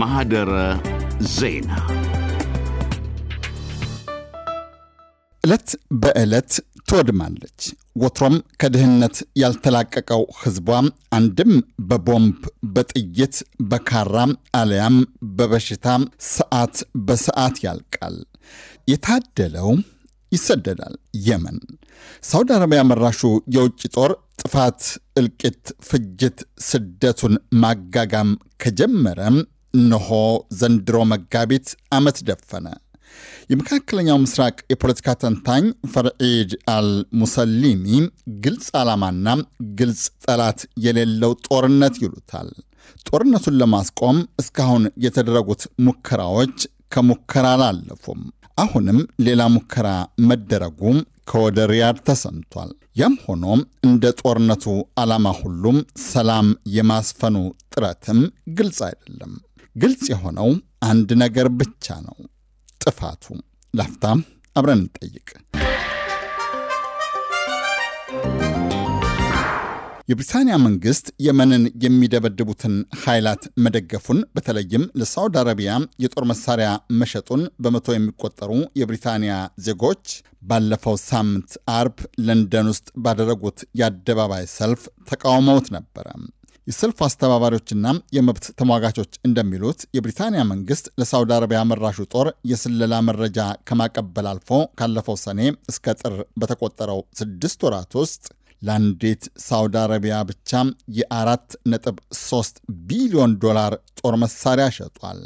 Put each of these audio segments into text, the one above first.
ማህደረ ዜና ዕለት በዕለት ትወድማለች። ወትሮም ከድህነት ያልተላቀቀው ህዝቧ አንድም በቦምብ፣ በጥይት፣ በካራ አለያም በበሽታ ሰዓት በሰዓት ያልቃል። የታደለው ይሰደዳል። የመን ሳውዲ አረቢያ መራሹ የውጭ ጦር ጥፋት፣ እልቂት፣ ፍጅት፣ ስደቱን ማጋጋም ከጀመረ እነሆ ዘንድሮ መጋቢት ዓመት ደፈነ። የመካከለኛው ምስራቅ የፖለቲካ ተንታኝ ፈርዒድ አልሙሰሊሚ ግልጽ ዓላማና ግልጽ ጠላት የሌለው ጦርነት ይሉታል። ጦርነቱን ለማስቆም እስካሁን የተደረጉት ሙከራዎች ከሙከራ አላለፉም። አሁንም ሌላ ሙከራ መደረጉ ከወደ ሪያድ ተሰምቷል። ያም ሆኖም እንደ ጦርነቱ ዓላማ ሁሉም ሰላም የማስፈኑ ጥረትም ግልጽ አይደለም። ግልጽ የሆነው አንድ ነገር ብቻ ነው፣ ጥፋቱ። ላፍታም አብረን እንጠይቅ። የብሪታንያ መንግስት የመንን የሚደበድቡትን ኃይላት መደገፉን በተለይም ለሳውዲ አረቢያ የጦር መሳሪያ መሸጡን በመቶ የሚቆጠሩ የብሪታንያ ዜጎች ባለፈው ሳምንት አርብ ለንደን ውስጥ ባደረጉት የአደባባይ ሰልፍ ተቃውመውት ነበረ። የሰልፍ አስተባባሪዎችና የመብት ተሟጋቾች እንደሚሉት የብሪታንያ መንግስት ለሳውዲ አረቢያ መራሹ ጦር የስለላ መረጃ ከማቀበል አልፎ ካለፈው ሰኔ እስከ ጥር በተቆጠረው ስድስት ወራት ውስጥ ለአንዲት ሳውዲ አረቢያ ብቻ የ4.3 ቢሊዮን ዶላር ጦር መሳሪያ ሸጧል።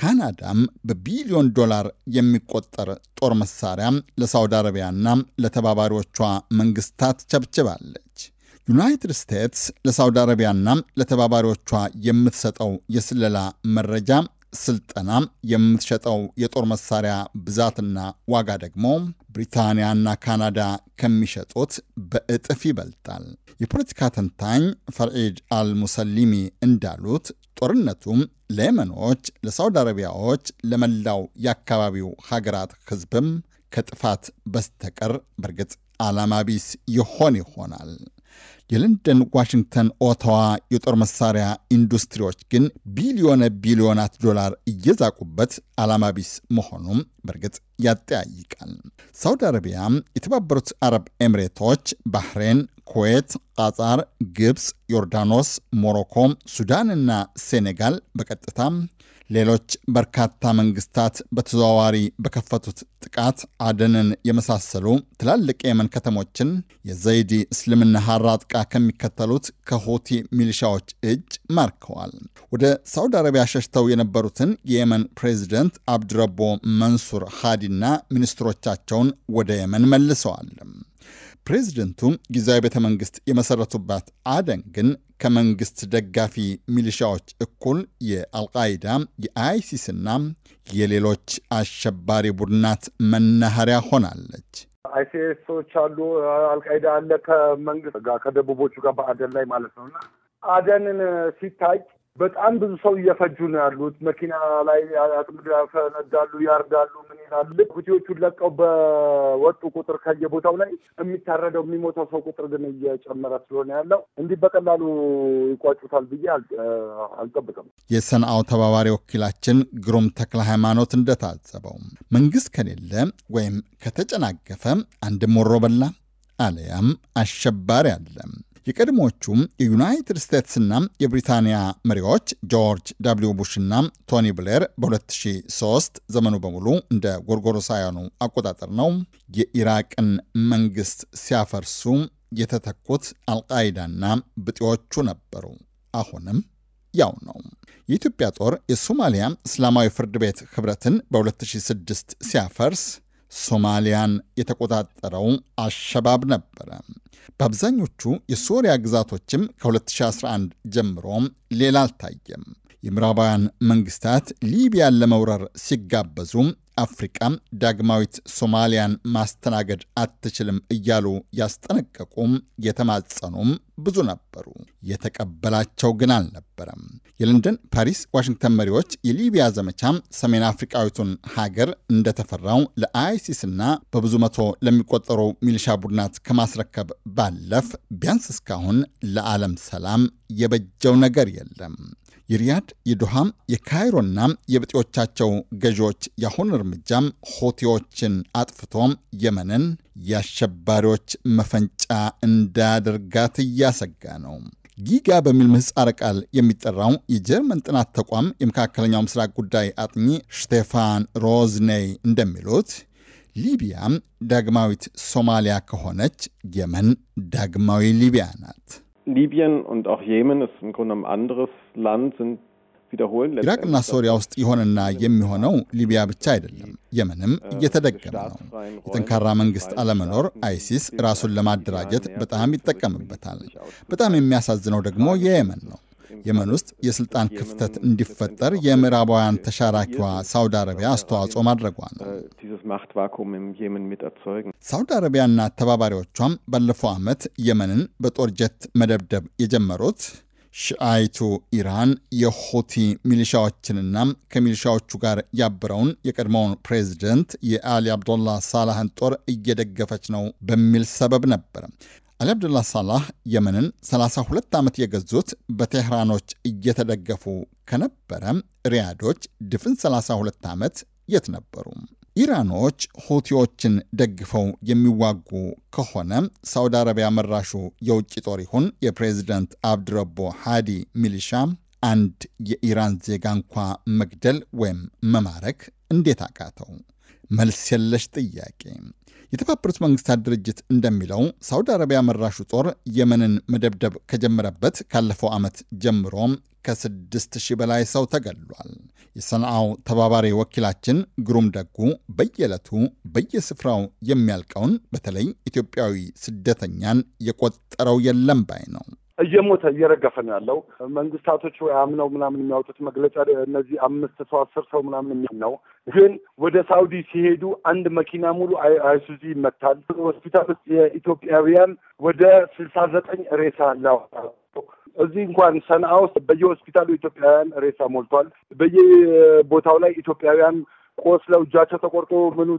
ካናዳም በቢሊዮን ዶላር የሚቆጠር ጦር መሳሪያ ለሳውዲ አረቢያና ለተባባሪዎቿ መንግስታት ቸብችባለች። ዩናይትድ ስቴትስ ለሳውዲ አረቢያና ለተባባሪዎቿ የምትሰጠው የስለላ መረጃ ስልጠና፣ የምትሸጠው የጦር መሳሪያ ብዛትና ዋጋ ደግሞ ብሪታንያና ካናዳ ከሚሸጡት በእጥፍ ይበልጣል። የፖለቲካ ተንታኝ ፈርዒድ አልሙሰሊሚ እንዳሉት ጦርነቱም ለየመኖች፣ ለሳውዲ አረቢያዎች፣ ለመላው የአካባቢው ሀገራት ህዝብም ከጥፋት በስተቀር በእርግጥ ዓላማ ቢስ ይሆን ይሆናል። የለንደን፣ ዋሽንግተን፣ ኦታዋ የጦር መሳሪያ ኢንዱስትሪዎች ግን ቢሊዮነ ቢሊዮናት ዶላር እየዛቁበት አላማቢስ ቢስ መሆኑም በእርግጥ ያጠያይቃል። ሳውዲ አረቢያ፣ የተባበሩት አረብ ኤምሬቶች፣ ባህሬን፣ ኩዌት፣ ቃጣር፣ ግብፅ፣ ዮርዳኖስ፣ ሞሮኮ፣ ሱዳንና ሴኔጋል በቀጥታ ሌሎች በርካታ መንግስታት በተዘዋዋሪ በከፈቱት ጥቃት አደንን የመሳሰሉ ትላልቅ የመን ከተሞችን የዘይዲ እስልምና ሀራ ከሚከተሉት ከሆቲ ሚሊሻዎች እጅ ማርከዋል። ወደ ሳውዲ አረቢያ ሸሽተው የነበሩትን የየመን ፕሬዚደንት አብድረቦ መንሱር ሃዲና ሚኒስትሮቻቸውን ወደ የመን መልሰዋል። ፕሬዚደንቱ ጊዜያዊ ቤተ መንግስት የመሰረቱባት አደን ግን ከመንግስት ደጋፊ ሚሊሻዎች እኩል የአልቃይዳ የአይሲስና የሌሎች አሸባሪ ቡድናት መናኸሪያ ሆናለች። አይሲኤሶች አሉ፣ አልቃይዳ አለ ከመንግስት ጋር ከደቡቦቹ ጋር በአደን ላይ ማለት ነው እና አደንን ሲታይ በጣም ብዙ ሰው እየፈጁ ነው ያሉት። መኪና ላይ ያፈነዳሉ፣ ያርዳሉ፣ ምን ይላሉ። ልክ ሁቲዎቹን ለቀው በወጡ ቁጥር ከየቦታው ላይ የሚታረደው የሚሞተው ሰው ቁጥር ግን እየጨመረ ስለሆነ ያለው እንዲህ በቀላሉ ይቋጩታል ብዬ አልጠብቅም። የሰንአው ተባባሪ ወኪላችን ግሩም ተክለ ሃይማኖት እንደታዘበው መንግስት ከሌለ ወይም ከተጨናገፈ አንድም ወሮበላ አለያም አሸባሪ አለም። የቀድሞቹም የዩናይትድ ስቴትስና የብሪታንያ መሪዎች ጆርጅ ቡሽ ቡሽና ቶኒ ብሌር በ2003 ዘመኑ በሙሉ እንደ ጎርጎሮሳውያኑ አቆጣጠር ነው የኢራቅን መንግስት ሲያፈርሱ የተተኩት አልቃይዳና ብጤዎቹ ነበሩ። አሁንም ያው ነው። የኢትዮጵያ ጦር የሶማሊያ እስላማዊ ፍርድ ቤት ህብረትን በ2006 ሲያፈርስ ሶማሊያን የተቆጣጠረው አሸባብ ነበረ። በአብዛኞቹ የሶሪያ ግዛቶችም ከ2011 ጀምሮ ሌላ አልታየም። የምዕራባውያን መንግስታት ሊቢያን ለመውረር ሲጋበዙ አፍሪቃ ዳግማዊት ሶማሊያን ማስተናገድ አትችልም እያሉ ያስጠነቀቁም የተማጸኑም ብዙ ነበሩ። የተቀበላቸው ግን አልነበረም። የለንደን፣ ፓሪስ፣ ዋሽንግተን መሪዎች የሊቢያ ዘመቻ ሰሜን አፍሪቃዊቱን ሀገር እንደተፈራው ለአይሲስና በብዙ መቶ ለሚቆጠሩ ሚሊሻ ቡድናት ከማስረከብ ባለፍ ቢያንስ እስካሁን ለዓለም ሰላም የበጀው ነገር የለም። የሪያድ የዶሃም የካይሮና የብጤዎቻቸው ገዢዎች የአሁን እርምጃም ሆቴዎችን አጥፍቶ የመንን የአሸባሪዎች መፈንጫ እንዳያደርጋት እያሰጋ ነው። ጊጋ በሚል ምህጻረ ቃል የሚጠራው የጀርመን ጥናት ተቋም የመካከለኛው ምስራቅ ጉዳይ አጥኚ ሽቴፋን ሮዝኔይ እንደሚሉት ሊቢያ ዳግማዊት ሶማሊያ ከሆነች የመን ዳግማዊ ሊቢያ ናት። ሊቢያን und auch Jemen ist im ኢራቅና ሶሪያ ውስጥ የሆነና የሚሆነው ሊቢያ ብቻ አይደለም፣ የመንም እየተደገመ ነው። የጠንካራ መንግስት አለመኖር አይሲስ ራሱን ለማደራጀት በጣም ይጠቀምበታል። በጣም የሚያሳዝነው ደግሞ የየመን ነው። የመን ውስጥ የሥልጣን ክፍተት እንዲፈጠር የምዕራባውያን ተሻራኪዋ ሳውዲ አረቢያ አስተዋጽኦ ማድረጓ ነው። ሳውዲ አረቢያና ተባባሪዎቿም ባለፈው ዓመት የመንን በጦር ጀት መደብደብ የጀመሩት ሽአይቱ ኢራን የሆቲ ሚሊሻዎችንና ከሚሊሻዎቹ ጋር ያብረውን የቀድሞውን ፕሬዚደንት የአሊ አብዶላ ሳላህን ጦር እየደገፈች ነው በሚል ሰበብ ነበር። አሊ አብዶላ ሳላህ የመንን 32 ዓመት የገዙት በቴህራኖች እየተደገፉ ከነበረ ሪያዶች ድፍን 32 ዓመት የት ነበሩ? ኢራኖች ሁቲዎችን ደግፈው የሚዋጉ ከሆነ ሳውዲ አረቢያ መራሹ የውጭ ጦር ይሁን የፕሬዚደንት አብድረቦ ሃዲ ሚሊሻ አንድ የኢራን ዜጋ እንኳ መግደል ወይም መማረክ እንዴት አቃተው? መልስ የለሽ ጥያቄ። የተባበሩት መንግስታት ድርጅት እንደሚለው ሳውዲ አረቢያ መራሹ ጦር የመንን መደብደብ ከጀመረበት ካለፈው ዓመት ጀምሮ ከስድስት ሺህ በላይ ሰው ተገድሏል። የሰንዓው ተባባሪ ወኪላችን ግሩም ደጉ በየዕለቱ በየስፍራው የሚያልቀውን በተለይ ኢትዮጵያዊ ስደተኛን የቆጠረው የለም ባይ ነው። እየሞተ እየረገፈ ነው ያለው። መንግስታቶች ወይ አምነው ምናምን የሚያወጡት መግለጫ እነዚህ አምስት ሰው አስር ሰው ምናምን የሚል ነው። ግን ወደ ሳውዲ ሲሄዱ አንድ መኪና ሙሉ አይሱዚ ይመታል። ሆስፒታል ውስጥ የኢትዮጵያውያን ወደ ስልሳ ዘጠኝ ሬሳ አለው። እዚህ እንኳን ሰንአ ውስጥ በየሆስፒታሉ ኢትዮጵያውያን ሬሳ ሞልቷል። በየቦታው ላይ ኢትዮጵያውያን ቆስለው እጃቸው ተቆርጦ ምኑ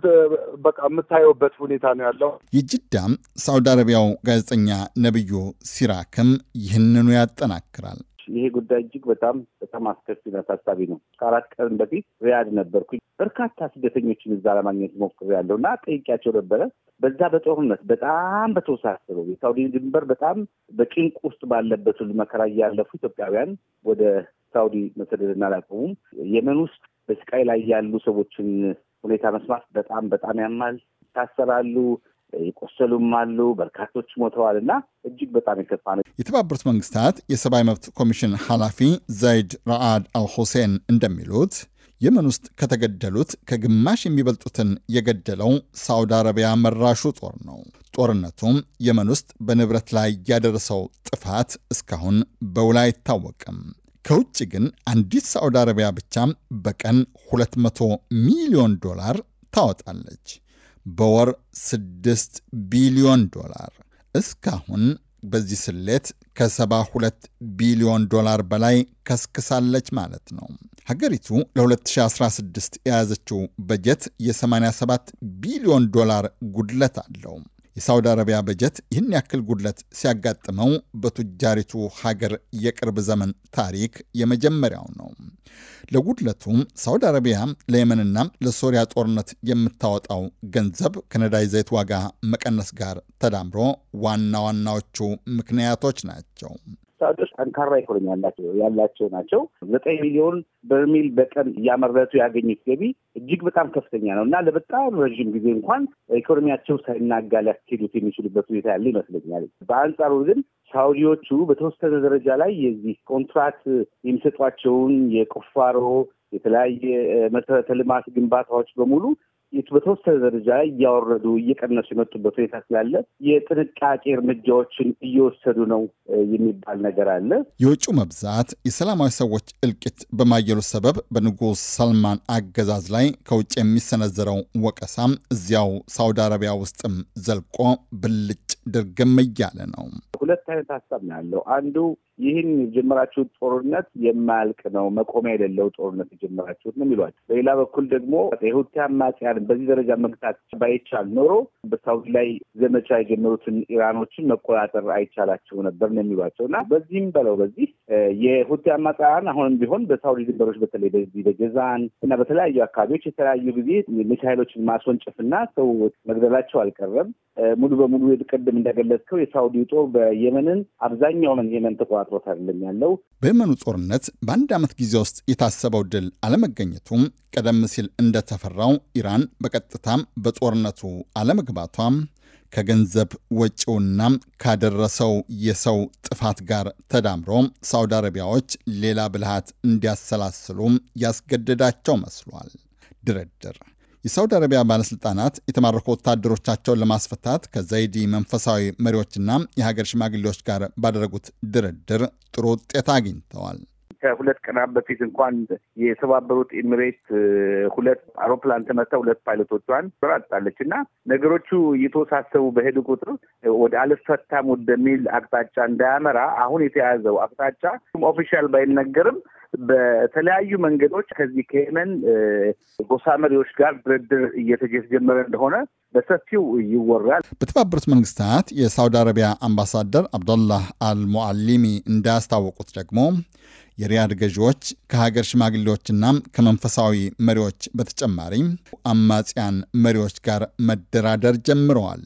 በቃ የምታየውበት ሁኔታ ነው ያለው። የጅዳም ሳውዲ አረቢያው ጋዜጠኛ ነብዮ ሲራክም ይህንኑ ያጠናክራል። ይሄ ጉዳይ እጅግ በጣም በጣም አስከፊና አሳሳቢ ነው። ከአራት ቀን በፊት ሪያድ ነበርኩኝ። በርካታ ስደተኞችን እዛ ለማግኘት ሞክሬያለሁ እና ጠይቄያቸው ነበረ። በዛ በጦርነት በጣም በተወሳሰበው የሳውዲ ድንበር በጣም በጭንቅ ውስጥ ባለበት ሁሉ መከራ እያለፉ ኢትዮጵያውያን ወደ ሳውዲ መሰደድን አላቆሙም። የመን ውስጥ በስቃይ ላይ ያሉ ሰዎችን ሁኔታ መስማት በጣም በጣም ያማል። ይታሰራሉ፣ የቆሰሉም አሉ፣ በርካቶች ሞተዋል እና እጅግ በጣም የከፋ ነው። የተባበሩት መንግስታት የሰብአዊ መብት ኮሚሽን ኃላፊ ዘይድ ራአድ አልሁሴን እንደሚሉት የመን ውስጥ ከተገደሉት ከግማሽ የሚበልጡትን የገደለው ሳውዲ አረቢያ መራሹ ጦር ነው። ጦርነቱም የመን ውስጥ በንብረት ላይ ያደረሰው ጥፋት እስካሁን በውል አይታወቅም። ከውጭ ግን አንዲት ሳዑዲ አረቢያ ብቻ በቀን 200 ሚሊዮን ዶላር ታወጣለች። በወር 6 ቢሊዮን ዶላር። እስካሁን በዚህ ስሌት ከ72 ቢሊዮን ዶላር በላይ ከስክሳለች ማለት ነው። ሀገሪቱ ለ2016 የያዘችው በጀት የ87 ቢሊዮን ዶላር ጉድለት አለው። የሳውዲ አረቢያ በጀት ይህን ያክል ጉድለት ሲያጋጥመው በቱጃሪቱ ሀገር የቅርብ ዘመን ታሪክ የመጀመሪያው ነው። ለጉድለቱም ሳውዲ አረቢያ ለየመንና ለሶሪያ ጦርነት የምታወጣው ገንዘብ ከነዳጅ ዘይት ዋጋ መቀነስ ጋር ተዳምሮ ዋና ዋናዎቹ ምክንያቶች ናቸው። ሀገሮች ጠንካራ ኢኮኖሚ ያላቸው ናቸው። ዘጠኝ ሚሊዮን በርሜል በቀን እያመረቱ ያገኙት ገቢ እጅግ በጣም ከፍተኛ ነው እና ለበጣም ረዥም ጊዜ እንኳን ኢኮኖሚያቸው ሳይናጋ ሊያስኬዱት የሚችሉበት ሁኔታ ያለ ይመስለኛል። በአንጻሩ ግን ሳውዲዎቹ በተወሰነ ደረጃ ላይ የዚህ ኮንትራት የሚሰጧቸውን የቁፋሮ የተለያየ መሰረተ ልማት ግንባታዎች በሙሉ በተወሰነ ደረጃ እያወረዱ እየቀነሱ የመጡበት ሁኔታ ስላለ የጥንቃቄ እርምጃዎችን እየወሰዱ ነው የሚባል ነገር አለ። የውጩ መብዛት የሰላማዊ ሰዎች እልቂት በማየሉ ሰበብ በንጉስ ሰልማን አገዛዝ ላይ ከውጭ የሚሰነዘረው ወቀሳም እዚያው ሳውዲ አረቢያ ውስጥም ዘልቆ ብልጭ ድርግም እያለ ነው። ሁለት አይነት ሀሳብ ነው ያለው። አንዱ ይህን የጀመራችሁት ጦርነት የማያልቅ ነው፣ መቆሚያ የሌለው ጦርነት የጀመራችሁት ነው የሚሏቸው። በሌላ በኩል ደግሞ የሁቲ አማጽያን በዚህ ደረጃ መግታት ባይቻል ኖሮ በሳውዲ ላይ ዘመቻ የጀመሩትን ኢራኖችን መቆጣጠር አይቻላቸው ነበር ነው የሚሏቸው እና በዚህም በለው በዚህ የሁቲ አማጽያን አሁንም ቢሆን በሳውዲ ድንበሮች በተለይ በዚህ በጀዛን እና በተለያዩ አካባቢዎች የተለያዩ ጊዜ ሚሳይሎችን ማስወንጨፍና ሰው መግደላቸው አልቀረም። ሙሉ በሙሉ ቅድም እንደገለጽከው የሳውዲ ጦር በየመንን አብዛኛውን የመን ተቆጣጥሮት አይደለም ያለው። በየመኑ ጦርነት በአንድ ዓመት ጊዜ ውስጥ የታሰበው ድል አለመገኘቱም ቀደም ሲል እንደተፈራው ኢራን በቀጥታም በጦርነቱ አለመግባቷም ከገንዘብ ወጪውና ካደረሰው የሰው ጥፋት ጋር ተዳምሮ ሳውዲ አረቢያዎች ሌላ ብልሃት እንዲያሰላስሉ ያስገደዳቸው መስሏል። ድርድር የሳውዲ አረቢያ ባለሥልጣናት የተማረኩ ወታደሮቻቸውን ለማስፈታት ከዘይዲ መንፈሳዊ መሪዎችና የሀገር ሽማግሌዎች ጋር ባደረጉት ድርድር ጥሩ ውጤት አግኝተዋል። ከሁለት ቀናት በፊት እንኳን የተባበሩት ኤሚሬት ሁለት አውሮፕላን ተመታ ሁለት ፓይለቶቿን አጣለች እና ነገሮቹ እየተወሳሰቡ በሄዱ ቁጥር ወደ አልፈታም ወደሚል አቅጣጫ እንዳያመራ አሁን የተያዘው አቅጣጫ ኦፊሻል ባይነገርም በተለያዩ መንገዶች ከዚህ ከየመን ጎሳ መሪዎች ጋር ድርድር እየተጀመረ እንደሆነ በሰፊው ይወራል። በተባበሩት መንግስታት የሳውዲ አረቢያ አምባሳደር አብዶላህ አልሙአሊሚ እንዳያስታወቁት ደግሞ የሪያድ ገዢዎች ከሀገር ሽማግሌዎችና ከመንፈሳዊ መሪዎች በተጨማሪ አማጽያን መሪዎች ጋር መደራደር ጀምረዋል።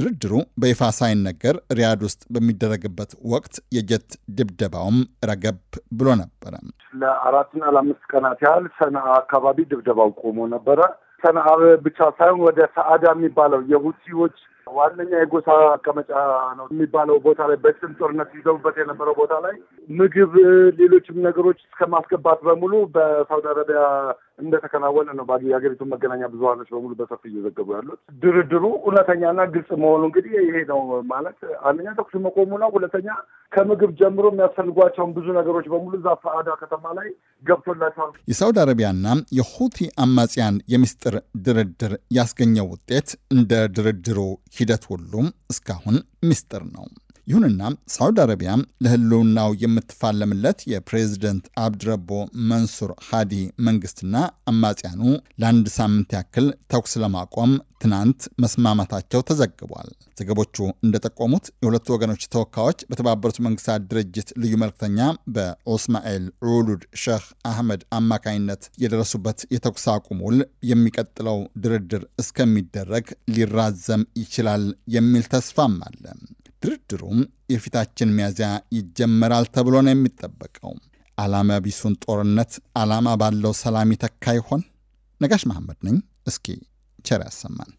ድርድሩ በይፋ ሳይነገር ሪያድ ውስጥ በሚደረግበት ወቅት የጀት ድብደባውም ረገብ ብሎ ነበረ። ለአራትና ለአምስት ቀናት ያህል ሰነአ አካባቢ ድብደባው ቆሞ ነበረ። ሰነአ ብቻ ሳይሆን ወደ ሰአዳ የሚባለው የሁቲዎች ዋነኛ የጎሳ መቀመጫ ነው የሚባለው ቦታ ላይ በስም ጦርነት ይዘውበት የነበረው ቦታ ላይ ምግብ፣ ሌሎችም ነገሮች እስከማስገባት በሙሉ በሳውዲ አረቢያ እንደተከናወነ ነው የሀገሪቱን መገናኛ ብዙሀኖች በሙሉ በሰፊ እየዘገቡ ያሉት። ድርድሩ እውነተኛና ግልጽ መሆኑ እንግዲህ ይሄ ነው ማለት አንደኛ ተኩስ መቆሙ ነው። ሁለተኛ ከምግብ ጀምሮ የሚያስፈልጓቸውን ብዙ ነገሮች በሙሉ እዛ ፈአዳ ከተማ ላይ ገብቶላቸዋል። የሳውዲ አረቢያና የሁቲ አማጽያን የምስጢር ድርድር ያስገኘው ውጤት እንደ ድርድሩ ሂደት ሁሉም እስካሁን ምስጢር ነው። ይሁንና ሳውዲ አረቢያ ለህልውናው የምትፋለምለት የፕሬዝደንት አብድረቦ መንሱር ሃዲ መንግስትና አማጽያኑ ለአንድ ሳምንት ያክል ተኩስ ለማቆም ትናንት መስማማታቸው ተዘግቧል። ዘገቦቹ እንደጠቆሙት የሁለቱ ወገኖች ተወካዮች በተባበሩት መንግስታት ድርጅት ልዩ መልክተኛ በኦስማኤል ዑሉድ ሼህ አህመድ አማካኝነት የደረሱበት የተኩስ አቁም ውል የሚቀጥለው ድርድር እስከሚደረግ ሊራዘም ይችላል የሚል ተስፋም አለ። ድርድሩም የፊታችን ሚያዝያ ይጀመራል ተብሎ ነው የሚጠበቀው። ዓላማ ቢሱን ጦርነት ዓላማ ባለው ሰላም ይተካ ይሆን? ነጋሽ መሐመድ ነኝ። እስኪ ቸር ያሰማን።